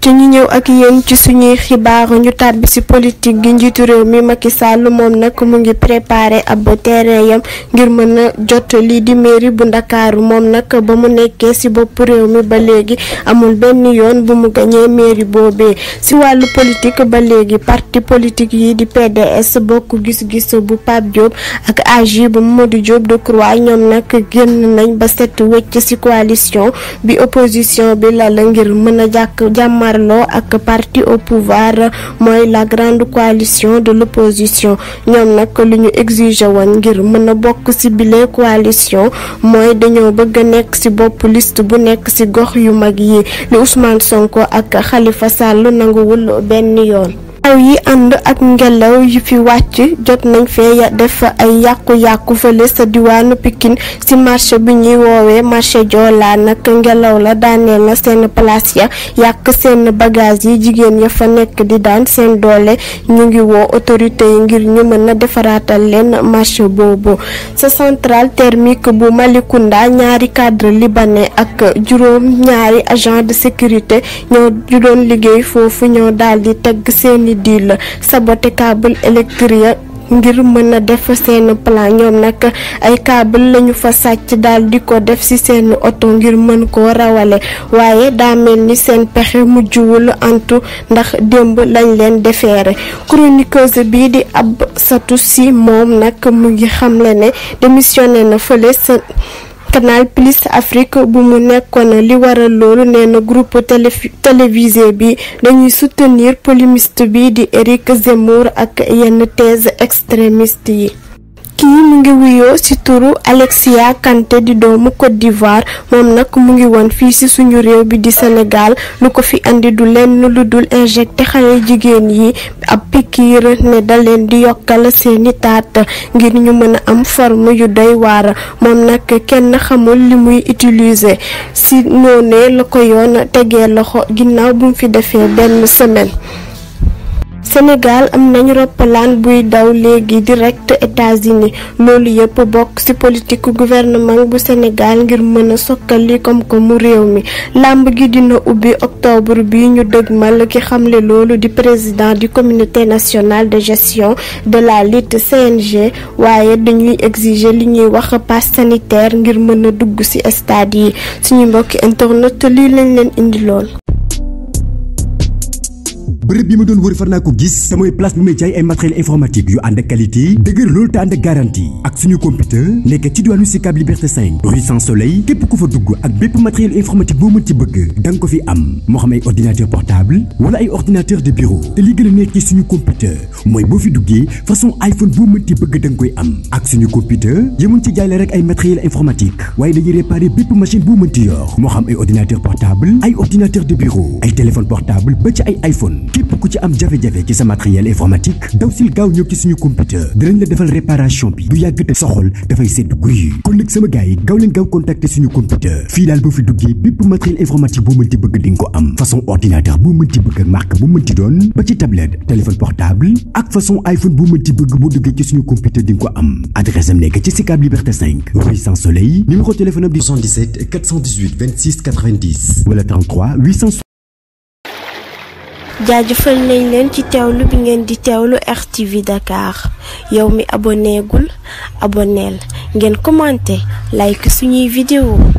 ci ñi ñëw ak yéen ci suñuy xibaaru ñu tàbbi ci politique gi njiitu réew mi Macky Sall moom nag mu ngi préparé ab terrain yam ngir mën a jot lii di mairie bu ndakaaru moom nag ba mu nekkee ci bopp réew mi ba léegi amul benn yoon bu mu gañee mairie boobee ci wàllu politique ba léegi parti politique yi di PDS bokk gis-gis bu Pape Diop ak AJ bu Mamadou Diop Decroix ñoom nag génn nañ ba set wecc ci coalition bi opposition bi la la ngir mën a jàkk jàmma et ak parti au pouvoir moi la grande coalition de l'opposition Nous avons exigé ngir coalition moi dañoo bëgg nekk ci liste bu nekk ci gox yu Ousmane Sonko Khalifa taw yi ànd ak ngelaw yu fi wàcc jot nañ fee def ay yàqu-yàqu fële sa diwaanu Pikine si marché bi ñuy woowee marché Joola nag ngelaw la daaneel na seen place ya yàq seen bagage yi jigéen ya fa nekk di daan seen doole ñu ngi woo autorité yi ngir ñu mën a defaraatal leen marché boobu sa centrale thermique bu Malicounda ñaari cadre libanais ak juróom ñaari agent de sécurité ñoo doon liggéey foofu ñoo daal di teg seen seeni deal saboté câble électrique ngir mën a def seen plan ñoom nag ay câble lañu fa sàcc dal di ko def ci seen oto ngir mën ko rawale waaye daa mel ni seen pexe mujjuwul antu ndax démb lañ leen defeere chroniqueuse bi di ab satu si moom nag mu ngi xamle ne démissionné na fële seen Canal Plus Afrique bu mu nekkoon li wara loolu nee na groupe télévisé bi dañuy soutenir polémiste bi di Éric Zemmour ak yenn thèse extrémiste yi kii mu ngi wuyoo ci turu Alexia Kanté di doomu Côte d'Ivoire moom nag mu ngi woon fii ci suñu réew bi di Sénégal lu ko fi andi du lenn lu dul injecté xale jigéen yi ab pikiir ne da leen di yokkal seeni taat ngir ñu mën a am forme yu doy waar moom nag kenn xamul li muy utiliser ci noonee la ko yoon tegee loxo ginnaaw bu mu fi defee benn semaine. Sénégal am nañu roppalaan buy daw léegi direct États-Unis loolu yëpp bokk ci politique gouvernement bu Sénégal ngir mën a sokkali koom-koomu réew mi làmb gi dina ubbi octobre bi ñu mal ki xamle loolu di président du communauté nationale de gestion de la lutte CNG waaye dañuy exiger li ñuy wax passe sanitaire ngir mën a dugg ci stade yi suñu mbokki internet lii lañ leen indi lool bërëb bi ma doon wër far naa ko gis te mooy place bi may jaay ay matériel informatique yu ànd ak qualité dëgër loolu te ànd ak garantie ak suñu computer nekk ci diwaanu Sicap Liberté 5 rue Sans Soleil képp ku fa dugg ak bépp matériel informatique boo mën ci bëgg da nga ko fi am moo xam ay ordinateur portable wala ay ordinateur de bureau te li gën a ci suñu computer mooy boo fi duggee façon iPhone boo mën ci bëgg da nga koy am ak suñu computer yëmuñ ci jaay rek ay matériel informatique waaye dañuy réparer bépp machine boo mën ti yor moo xam ay ordinateur portable ay ordinateur de bureau ay téléphone portable ba ci ay iPhone képp ku ci am jafe-jafe ci sa matériel informatique dawsil gaw gaaw ñëw ci suñu computer dinañ la defal réparation bi du yag te soxol dafay sedd guy kon nag sama gars gaw gaaw leen gaaw contacter suñu computer fi dal boo fi duggee bépp matériel informatique boo mënti bëgg di ko am façon ordinateur boo mënti bëgg ak marque boo mënti don, ba ci tablette téléphone portable ak façon iPhone boo mënti bëgg boo duggee ci suñu computer di ko am adresse am nekk ci Sicap Liberté 5 rue Sans Soleil numéro téléphone am 77 418 26 90 wala 33 800 jaajëfal nañ leen ci teewlu bi ngeen di teewlu RTV Dakar yow mi aboneegul aboneel ngeen commenté like suñuy vidéo